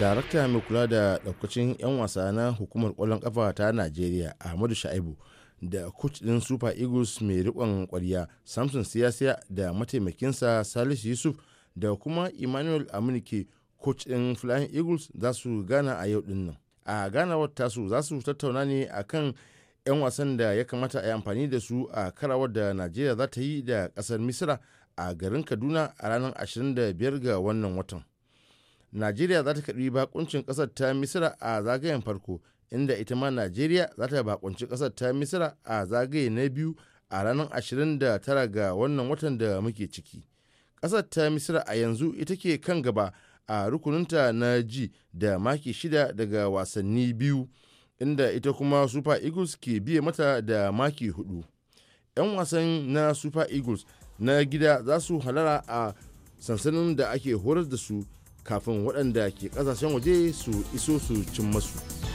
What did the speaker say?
darakta mai kula da daukacin 'yan wasa na hukumar kwallon kafa ta najeriya ahmadu sha'ibu da coach din super eagles mai rikon kwarya samson siyasiya da mataimakinsa salisu yusuf da kuma emmanuel amunike coach din flying eagles za su gana a yau din nan a ganawar tasu za su tattauna ne akan 'yan wasan da ya kamata a yi amfani da su a karawar da najeriya za ta yi da kasar misira a garin kaduna a ranar 25 ga wannan watan najeriya za ta karbi bakuncin ƙasar ta misira a zagayen farko inda ita ma najeriya za ta bakunci kasar ta misira a zagaye na biyu a ranar 29 ga wannan watan da muke ciki ƙasar ta misira a yanzu ita ke kan gaba a rukuninta na ji da maki shida daga wasanni biyu inda ita kuma super eagles ke biye mata da maki hudu 'yan wasan na super eagles na gida za su halara a sansanin da ake horar da su kafin waɗanda ke ƙasashen waje su iso su cin masu.